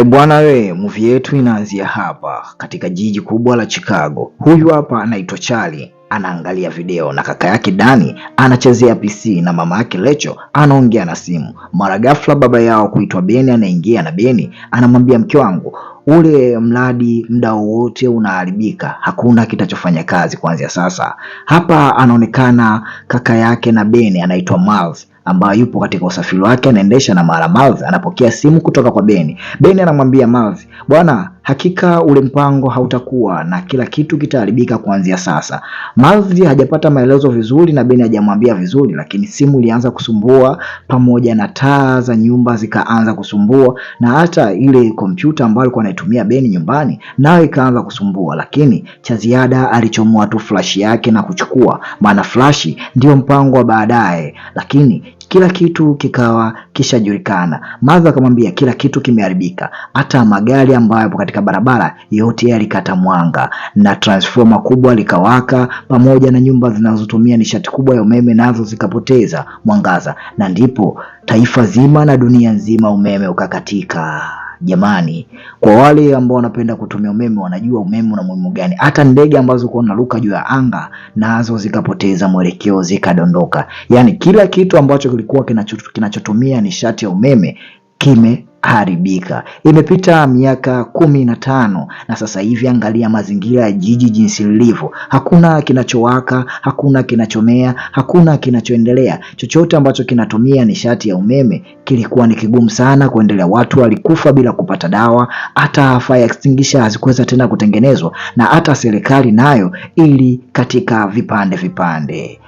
E bwana we, movie yetu inaanzia hapa katika jiji kubwa la Chicago. Huyu hapa anaitwa Charlie anaangalia video na kaka yake Dani anachezea PC na mama yake Lecho anaongea na simu. Mara ghafla baba yao kuitwa Beni anaingia na Beni anamwambia, mke wangu, ule mradi muda wowote unaharibika, hakuna kitachofanya kazi kuanzia sasa. Hapa anaonekana kaka yake na Beni anaitwa Miles ambaye yupo katika usafiri wake anaendesha na mara Marv anapokea simu kutoka kwa Beni. Beni anamwambia Marv, bwana Hakika ule mpango hautakuwa na kila kitu kitaharibika kuanzia sasa. Mazi hajapata maelezo vizuri na Beni hajamwambia vizuri, lakini simu ilianza kusumbua pamoja na taa za nyumba zikaanza kusumbua na hata ile kompyuta ambayo alikuwa anaitumia Beni nyumbani nayo ikaanza kusumbua, lakini cha ziada alichomoa tu flash yake na kuchukua, maana flash ndio mpango wa baadaye, lakini kila kitu kikawa kishajulikana. madha akamwambia kila kitu kimeharibika, hata magari ambayo yapo katika barabara yote yalikata mwanga na transfoma kubwa likawaka, pamoja na nyumba zinazotumia nishati kubwa ya umeme nazo zikapoteza mwangaza, na ndipo taifa zima na dunia nzima umeme ukakatika. Jamani, kwa wale ambao wanapenda kutumia umeme wanajua umeme una muhimu gani. Hata ndege ambazo kuwa naruka juu ya anga nazo zikapoteza mwelekeo zikadondoka. Yaani kila kitu ambacho kilikuwa kinachotumia nishati ya umeme kime haribika. Imepita miaka kumi na tano na sasa hivi angalia mazingira ya jiji jinsi lilivyo. Hakuna kinachowaka, hakuna kinachomea, hakuna kinachoendelea. Chochote ambacho kinatumia nishati ya umeme kilikuwa ni kigumu sana kuendelea. Watu walikufa bila kupata dawa, hata fire extinguisher hazikuweza tena kutengenezwa, na hata serikali nayo ili katika vipande vipande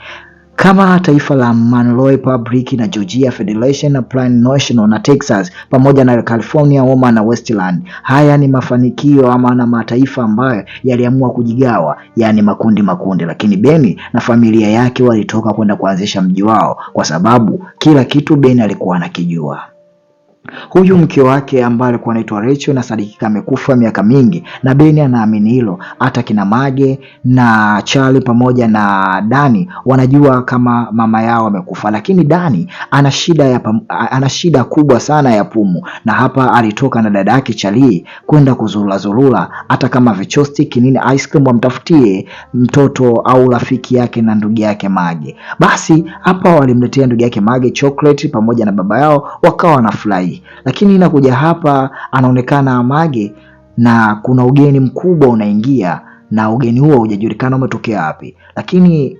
kama taifa la Monroe Public na Georgia Federation na Plan National na Texas pamoja na California Woman na Westland. Haya ni mafanikio ama na mataifa ambayo yaliamua kujigawa, yani makundi makundi, lakini Beni na familia yake walitoka kwenda kuanzisha mji wao, kwa sababu kila kitu Beni alikuwa anakijua. Huyu mke wake ambaye alikuwa anaitwa Rachel inasadikika amekufa miaka mingi, na Beni anaamini hilo. Hata kina Mage na Charlie pamoja na Dani wanajua kama mama yao amekufa, lakini Dani ana shida ya ana shida kubwa sana ya pumu, na hapa alitoka na dada yake Charlie kwenda kuzurula zurula, hata kama vichosti kinini ice cream wamtafutie mtoto au rafiki yake na ndugu yake Mage. Basi hapa walimletea ndugu yake Mage chocolate pamoja na baba yao, wakawa wanafurahi maji, lakini inakuja hapa anaonekana amage na kuna ugeni mkubwa unaingia na ugeni huo hujajulikana umetokea wapi, lakini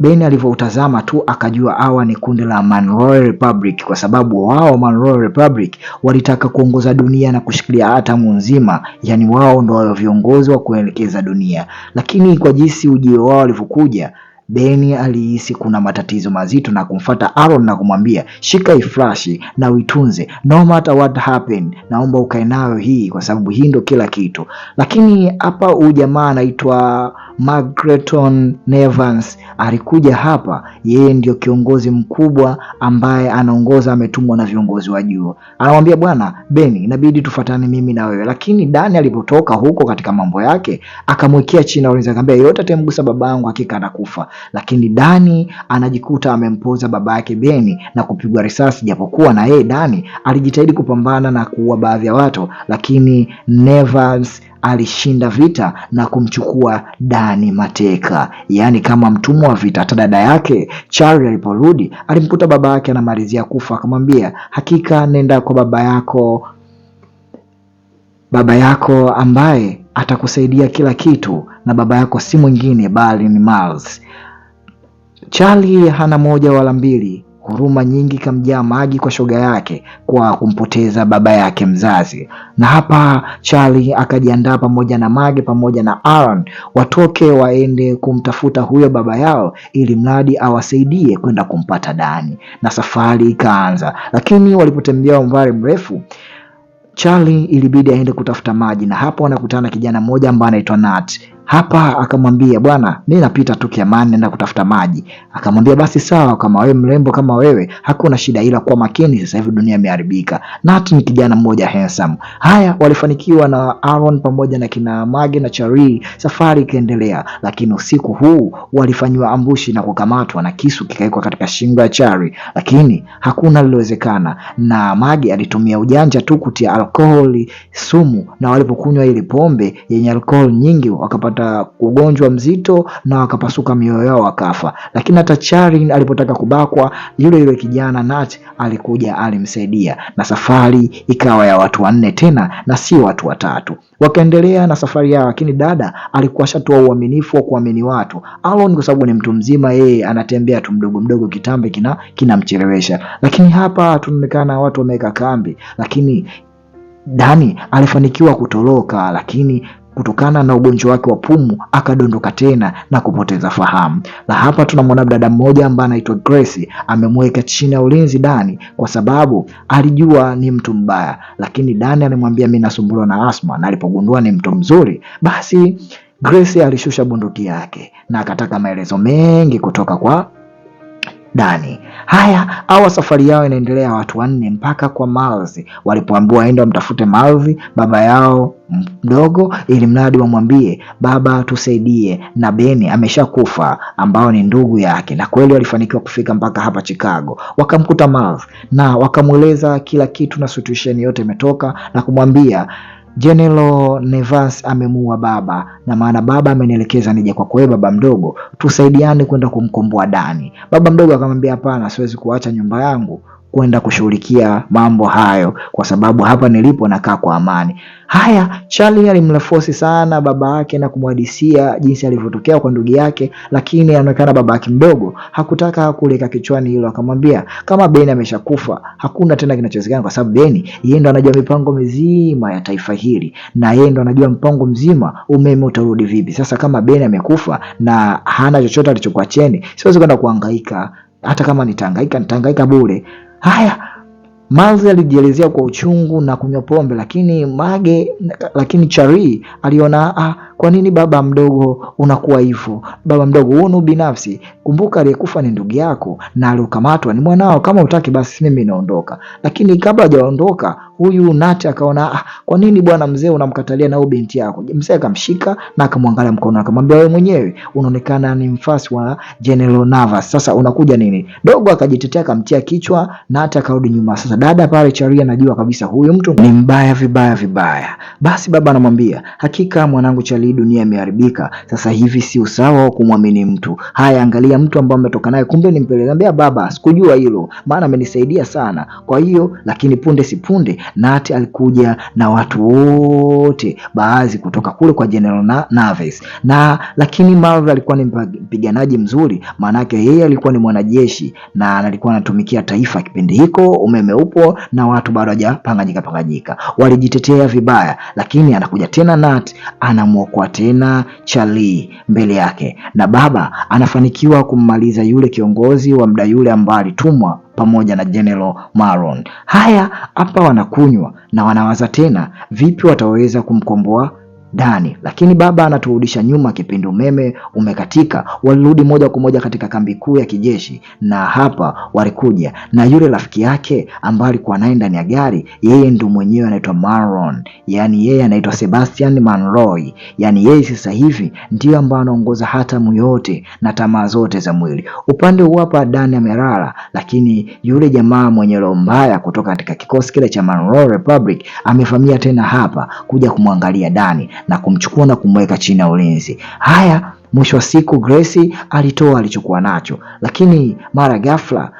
Ben alivyoutazama tu akajua hawa ni kundi la Man Royal Republic, kwa sababu wao Man Royal Republic walitaka kuongoza dunia na kushikilia atamu nzima, yani wao ndo viongozi wa kuelekeza dunia. Lakini kwa jinsi ujio wao walivyokuja Beni alihisi kuna matatizo mazito na kumfata Aaron na kumwambia, shika iflashi na uitunze, no matter what happen, naomba ukae nayo hii kwa sababu hii ndo kila kitu. Lakini hapa huyu jamaa anaitwa Magreton Nevans alikuja hapa, yeye ndio kiongozi mkubwa ambaye anaongoza, ametumwa na viongozi wa juu. Anamwambia bwana Beni, inabidi tufatane mimi na wewe. Lakini Dani alipotoka huko katika mambo yake, akamwekea chini na akamwambia, yote atemgusa babangu hakika atakufa lakini Dani anajikuta amempoza baba yake Beni na kupigwa risasi, japokuwa na yeye Dani alijitahidi kupambana na kuua baadhi ya watu, lakini Nevers alishinda vita na kumchukua Dani mateka, yaani kama mtumwa wa vita. Hata dada yake Charlie aliporudi alimkuta baba yake anamalizia kufa, akamwambia hakika, nenda kwa baba yako, baba yako ambaye atakusaidia kila kitu, na baba yako si mwingine bali ni Mars chali hana moja wala mbili, huruma nyingi kamjaa maji kwa shoga yake kwa kumpoteza baba yake mzazi. Na hapa chali akajiandaa pamoja na Mage pamoja na Aaron watoke waende kumtafuta huyo baba yao, ili mradi awasaidie kwenda kumpata Dani, na safari ikaanza. Lakini walipotembea umbali mrefu Charlie ilibidi aende kutafuta maji, na hapo anakutana kijana mmoja ambaye anaitwa Nat. Hapa akamwambia, bwana, mi napita tu Kiamani, naenda kutafuta maji. Akamwambia, basi sawa, kama wewe mrembo kama wewe hakuna shida, ila kuwa makini, sasa hivi dunia imeharibika. Nat ni kijana mmoja handsome. Haya, walifanikiwa na Aaron pamoja na kina Mage na Chari, safari ikaendelea, lakini usiku huu walifanyiwa ambushi na kukamatwa na kisu kikawekwa katika shingo ya Chari, lakini hakuna lilowezekana, na Mage alitumia ujanja tu kutia alkoholi sumu, na walipokunywa ile pombe yenye alkoholi nyingi wakapata wakapata ugonjwa mzito na wakapasuka mioyo yao wakafa. Lakini hata Charin alipotaka kubakwa, yule yule kijana Nat alikuja alimsaidia, na safari ikawa ya watu wanne tena na si watu watatu. Wakaendelea na safari yao, lakini dada alikuwa shatoa uaminifu wa kuamini watu. Alon kwa sababu ni mtu mzima, yeye anatembea tu mdogo mdogo, kitambe kina kinamchelewesha. Lakini hapa tunaonekana watu wameweka kambi, lakini Dani alifanikiwa kutoroka, lakini kutokana na ugonjwa wake wa pumu akadondoka tena na kupoteza fahamu. Na hapa tunamwona dada mmoja ambaye anaitwa Grace amemweka chini ya ulinzi Dani kwa sababu alijua ni mtu mbaya, lakini Dani alimwambia mimi nasumbuliwa na asma, na alipogundua ni mtu mzuri basi Grace alishusha bunduki yake na akataka maelezo mengi kutoka kwa Dani. Haya, awa safari yao inaendelea, watu wanne mpaka kwa Malzi. walipoambiwa aende wamtafute Malzi, baba yao mdogo, ili mradi wamwambie baba, tusaidie na Beni ameshakufa, ambao ni ndugu yake. Na kweli walifanikiwa kufika mpaka hapa Chicago, wakamkuta Malvi na wakamweleza kila kitu na situation yote imetoka na kumwambia jenelo Nevas amemuua baba, na maana baba amenielekeza nije kwako wewe, baba mdogo, tusaidiane kwenda kumkomboa Dani. Baba mdogo akamwambia hapana, siwezi kuacha nyumba yangu kwenda kushughulikia mambo hayo, kwa sababu hapa nilipo nakaa kwa amani. Haya, Charlie alimlafosi sana baba yake na kumhadisia jinsi alivyotokea kwa ndugu yake, lakini anaonekana baba yake mdogo hakutaka kuleka kichwani hilo, akamwambia kama Ben ameshakufa hakuna tena kinachowezekana, kwa sababu Ben yeye ndo anajua mipango mizima ya taifa hili na yeye ndo anajua mpango mzima umeme utarudi vipi. Sasa kama Ben amekufa na hana chochote alichokuacheni, siwezi kwenda kuhangaika hata kama nitahangaika nitahangaika bure. Haya, mazi alijielezea kwa uchungu na kunywa pombe, lakini Mage lakini Chari aliona ah, kwa nini baba mdogo unakuwa hivyo? Baba mdogo, huo ni ubinafsi. Kumbuka aliyekufa ni ndugu yako na aliokamatwa ni mwanao. Kama utaki basi mimi naondoka. Lakini kabla hajaondoka huyu Nate akaona ah, kwa nini bwana mzee unamkatalia na huyo binti yako? Mzee akamshika na akamwangalia mkono akamwambia, wewe mwenyewe unaonekana ni mfasi wa General Navas, sasa unakuja nini? Dogo akajitetea akamtia kichwa na hata akarudi nyuma. Sasa dada pale Charia anajua kabisa huyu mtu ni mbaya vibaya vibaya. Basi baba anamwambia, hakika mwanangu Charia hii dunia imeharibika, sasa hivi si usawa wa kumwamini mtu. Haya, angalia mtu ambaye umetoka naye, kumbe ni mpelelezi, ambia baba, sikujua hilo, maana amenisaidia sana. Kwa hiyo lakini punde si punde Nat alikuja na watu wote, baadhi kutoka kule kwa General Naves na lakini Marv alikuwa ni mpiganaji mzuri, maanake yeye alikuwa ni mwanajeshi na alikuwa anatumikia taifa kipindi hiko, umeme upo na watu bado hajapanganyika panganyika, walijitetea vibaya, lakini anakuja tena Nat anamwokoa kwa tena Charlie mbele yake, na baba anafanikiwa kummaliza yule kiongozi wa muda yule ambaye alitumwa pamoja na General Maron. Haya hapa wanakunywa na wanawaza tena vipi wataweza kumkomboa ndani, lakini baba anaturudisha nyuma. Kipindi umeme umekatika, walirudi moja kwa moja katika kambi kuu ya kijeshi, na hapa walikuja na yule rafiki yake ambaye alikuwa naye ndani ya gari. Yeye ndo mwenyewe anaitwa Maron, yani yeye anaitwa Sebastian Manroy, yani yeye sasa hivi ndiyo ambaye anaongoza hatamu yote na tamaa zote za mwili. Upande huu hapa Dani amelala, lakini yule jamaa mwenye roho mbaya kutoka katika kikosi kile cha Manroy Republic amevamia tena hapa kuja kumwangalia Dani na kumchukua na kumweka chini ya ulinzi. Haya, mwisho wa siku Grace alitoa alichokuwa nacho, lakini mara ghafla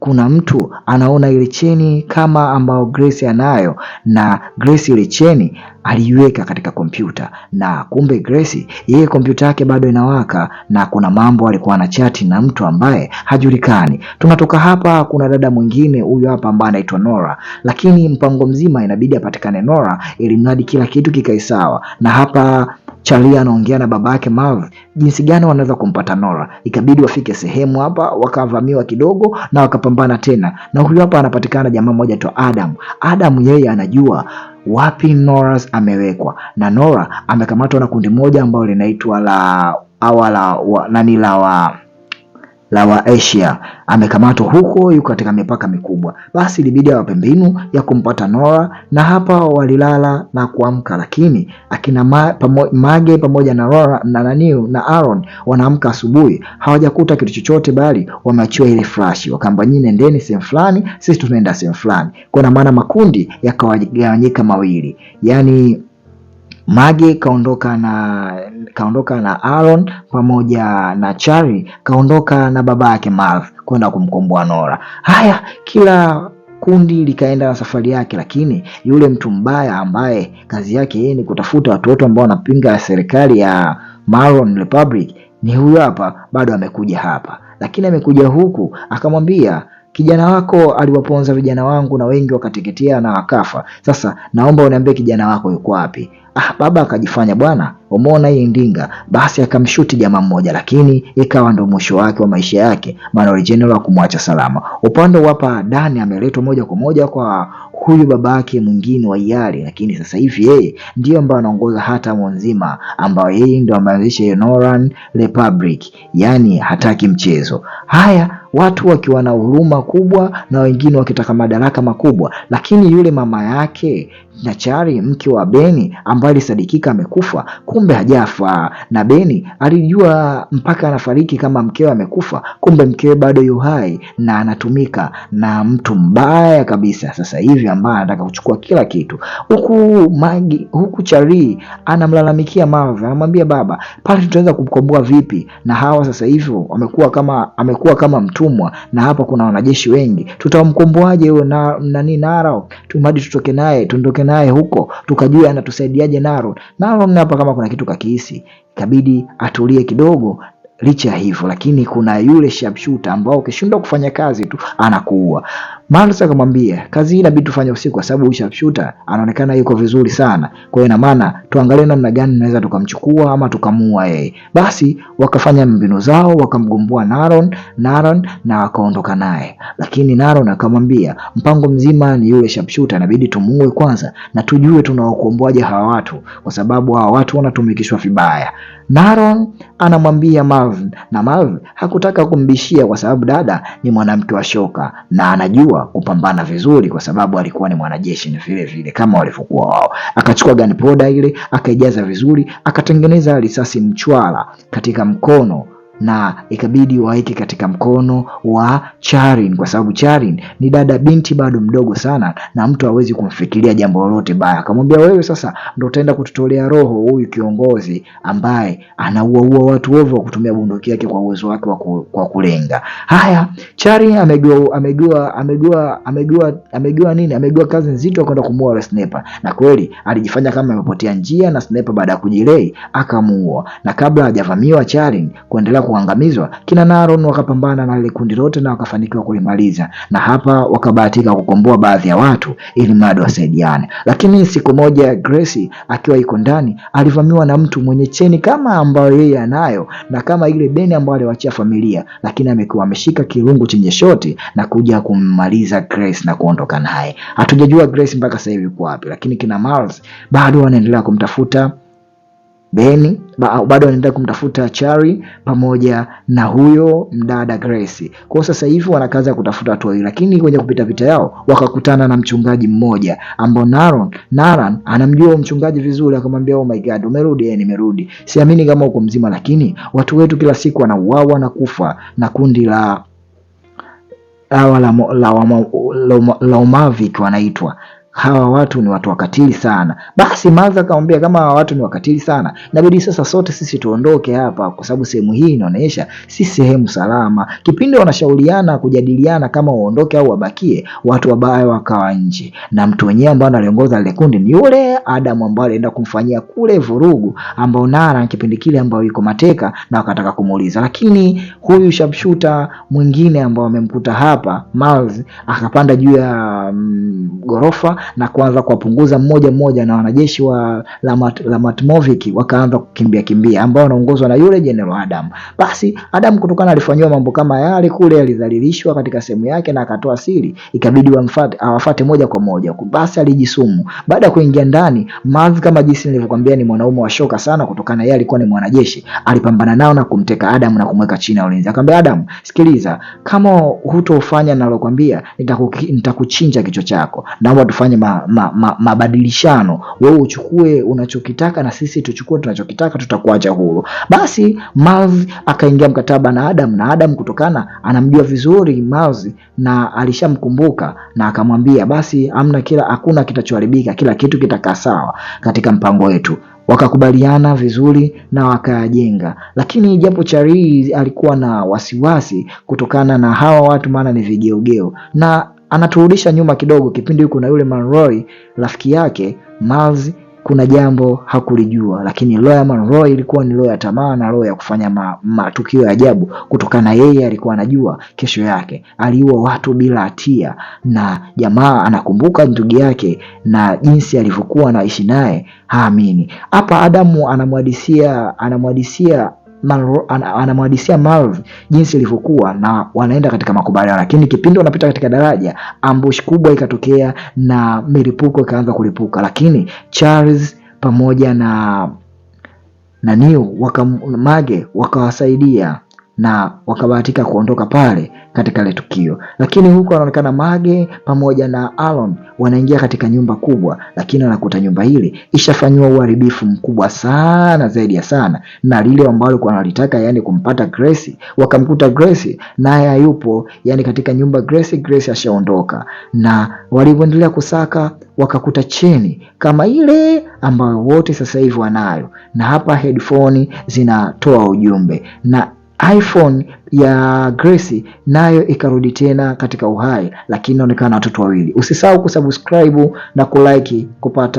kuna mtu anaona ile cheni kama ambayo Grace anayo, na Grace ile cheni aliiweka katika kompyuta, na kumbe Grace yeye kompyuta yake bado inawaka, na kuna mambo alikuwa chati na mtu ambaye hajulikani. Tunatoka hapa, kuna dada mwingine huyu hapa ambaye anaitwa Nora, lakini mpango mzima inabidi apatikane Nora ili mradi kila kitu kikae sawa, na hapa Charlie anaongea na baba yake Marv jinsi gani wanaweza kumpata Nora. Ikabidi wafike sehemu hapa wakavamiwa kidogo na wakapambana tena, na huyu hapa anapatikana jamaa mmoja tu Adam. Adam yeye anajua wapi Nora amewekwa, na Nora amekamatwa na kundi moja ambalo linaitwa la awala nani la wa la Waasia amekamatwa huko, yuko katika mipaka mikubwa. Basi ilibidi awape mbinu ya kumpata Nora, na hapa walilala na kuamka, lakini akina ma, pamo, Mage pamoja na Nora, na naniu na Aaron wanaamka asubuhi, hawajakuta kitu chochote, bali wameachiwa ile flash, wakaamba nyinyi nendeni sehemu fulani, sisi tunaenda sehemu fulani. Kwa maana makundi yakawagawanyika mawili, yani Mage kaondoka na kaondoka na Aaron pamoja na Chari kaondoka na baba yake Marv kwenda kumkomboa Nora. Haya, kila kundi likaenda na safari yake, lakini yule mtu mbaya ambaye kazi yake yeye ni kutafuta watoto ambao wanapinga serikali ya Maroon Republic ni huyo hapa, bado amekuja hapa, lakini amekuja huku akamwambia kijana wako aliwaponza vijana wangu na wengi wakateketea na wakafa. Sasa naomba uniambie kijana wako yuko wapi? Ah, baba akajifanya bwana, umeona hii ndinga. Basi akamshuti jamaa mmoja, lakini ikawa ndo mwisho wake wa maisha yake, maana original kumwacha salama. Upande wapa Dani ameletwa moja kwa moja kwa huyu yake mwingine wa hiari, lakini sasa hivi yeye ndiyo ambaye anaongoza hatamu nzima, ambayo yeye ndio ameanzisha Noran Republic, yani hataki mchezo. Haya watu wakiwa na huruma kubwa na wengine wakitaka madaraka makubwa. Lakini yule mama yake Nachari, mke wa Beni, ambaye alisadikika amekufa, kumbe hajafa, na Beni alijua mpaka anafariki kama mkewe amekufa, kumbe mkewe bado yu hai na anatumika na mtu mbaya kabisa sasa hivi, ambaye anataka kuchukua kila kitu, huku Magi, huku Chari anamlalamikia Marva, anamwambia baba, pale tutaweza kukomboa vipi? Na hawa sasa hivi wamekuwa kama amekuwa kama mtu mtumwa na hapa kuna wanajeshi wengi, tutamkomboaje huyo na nani Naro? Tumadi tutoke naye tundoke naye huko, tukajua anatusaidiaje Naro. Naro hapa kama kuna kitu kakihisi, ikabidi atulie kidogo licha ya hivyo lakini kuna yule sharpshooter ambao ukishindwa kufanya kazi tu anakuua. Marks akamwambia kazi hii inabidi tufanye usiku kwa sababu sharpshooter anaonekana yuko vizuri sana. Kwa hiyo ina maana tuangalie namna gani tunaweza tukamchukua ama tukamua yeye. Basi wakafanya mbinu zao, wakamgumbua Naron, Naron na wakaondoka naye. Lakini Naron akamwambia mpango mzima ni yule sharpshooter, inabidi tumuue kwanza na tujue tunawakomboaje hawa watu, kwa sababu hawa watu wanatumikishwa vibaya. Naron anamwambia Marvin na Marvin hakutaka kumbishia kwa sababu dada ni mwanamke wa shoka na anajua alifanikiwa kupambana vizuri kwa sababu alikuwa ni mwanajeshi ni vile vile kama walivyokuwa wao. Akachukua ganipoda ile akaijaza vizuri, akatengeneza risasi mchwala katika mkono na ikabidi waeke katika mkono wa Charin, kwa sababu Charin ni dada binti bado mdogo sana, na mtu hawezi kumfikiria jambo lolote baya. Akamwambia, wewe sasa ndo utaenda kututolea roho huyu kiongozi ambaye anauaua watu ovu kutumia bunduki yake kwa uwezo wake wa kulenga. Haya, Charin amegua amegua amegua amegua amegua nini? Amegua kazi nzito kwenda kumuua yule sniper, na kweli alijifanya kama amepotea njia, na sniper baada ya kujilei akamuua, na kabla hajavamiwa Charin kuendelea kuangamizwa, kina Naron wakapambana na lile kundi lote na wakafanikiwa kulimaliza, na hapa wakabahatika kukomboa baadhi ya watu ili mradi wasaidiane. Lakini siku moja Grace akiwa iko ndani alivamiwa na mtu mwenye cheni kama ambayo yeye anayo na kama ile deni ambayo aliwachia familia, lakini amekuwa ameshika kirungu chenye shoti na kuja kummaliza Grace na kuondoka naye. Hatujajua Grace mpaka sasa hivi yuko wapi, lakini kina Miles bado wanaendelea kumtafuta. Beni ba, bado wanaendelea kumtafuta Chari pamoja na huyo mdada Grace. Kwa sasa hivi wana kazi ya kutafuta watu wawili, lakini kwenye kupita vita yao wakakutana na mchungaji mmoja ambao Naron, Naran anamjua mchungaji vizuri, akamwambia oh my god, umerudi? Yeye nimerudi, siamini kama uko mzima, lakini watu wetu kila siku wanauawa na kufa na kundi la hawa la, la, la, la, la, la, la, la Umavik wanaitwa hawa watu ni watu wakatili sana. Basi Martha akamwambia kama hawa watu ni wakatili sana, nabidi sasa sote sisi tuondoke hapa, kwa sababu sehemu hii inaonyesha si sehemu salama. Kipindi wanashauriana kujadiliana kama waondoke au wabakie, watu wabaya wakawa nje, na mtu wenyewe ambaye analiongoza lile kundi ni yule Adamu ambaye alienda kumfanyia kule vurugu, ambao Nara kipindi kile ambao yuko mateka na wakataka kumuuliza, lakini huyu shapshuta mwingine ambao amemkuta hapa Martha akapanda juu ya mm, gorofa na kuanza kuwapunguza mmoja mmoja, na wanajeshi wa Lamatoviki wakaanza kukimbia kimbia, ambao wanaongozwa na yule General Adam. Basi Adam, kutokana alifanywa mambo kama yale kule, alidhalilishwa katika sehemu yake na akatoa siri, ikabidi wamfuate awafuate moja kwa moja. Basi alijisumu. Baada ya kuingia ndani, Maz kama jinsi nilivyokuambia, ni mwanaume wa shoka sana, kutokana yeye alikuwa ni mwanajeshi, alipambana nao na kumteka Adam na kumweka chini ya ulinzi. Akamwambia Adam, sikiliza, kama hutofanya nalokwambia, nitakuchinja kichwa chako. Naomba tufanye tufanye ma, ma, ma, mabadilishano, wewe uchukue unachokitaka na sisi tuchukue tunachokitaka, tutakuacha huru. Basi Mars akaingia mkataba na Adam, na Adam kutokana anamjua vizuri Mars na alishamkumbuka na akamwambia basi, amna kila hakuna kitachoharibika, kila kitu kitakaa sawa katika mpango wetu wakakubaliana vizuri na wakajenga, lakini japo Charlie alikuwa na wasiwasi kutokana na hawa watu, maana ni vigeugeu na anaturudisha nyuma kidogo. Kipindi huko na yule Manroy rafiki yake Miles kuna jambo hakulijua, lakini roho ya ilikuwa ni roho ya tamaa na roho ya kufanya matukio ya ajabu, kutokana yeye alikuwa anajua kesho yake aliua watu bila hatia, na jamaa anakumbuka ndugu yake na jinsi alivyokuwa anaishi naye, haamini. Hapa Adamu anamwadisia anamwadisia anamwadisia Marv jinsi ilivyokuwa na wanaenda katika makubaliano, lakini kipindi wanapita katika daraja, ambush kubwa ikatokea na milipuko ikaanza kulipuka, lakini Charles pamoja na na Neo waka Mage wakawasaidia na wakabahatika kuondoka pale katika ile tukio, lakini huko anaonekana Mage pamoja na Alon wanaingia katika nyumba kubwa, lakini wanakuta nyumba ile ishafanywa uharibifu mkubwa sana zaidi ya sana, na lile ambalo kwa analitaka yani kumpata Grace, wakamkuta Grace naye hayupo, yani katika nyumba Grace, Grace ashaondoka, na walivyoendelea kusaka wakakuta cheni kama ile ambayo wote sasa hivi wanayo, na hapa headphone zinatoa ujumbe na iPhone ya Grace nayo ikarudi tena katika uhai, lakini inaonekana watoto wawili. Usisahau kusubscribe na kulike kupata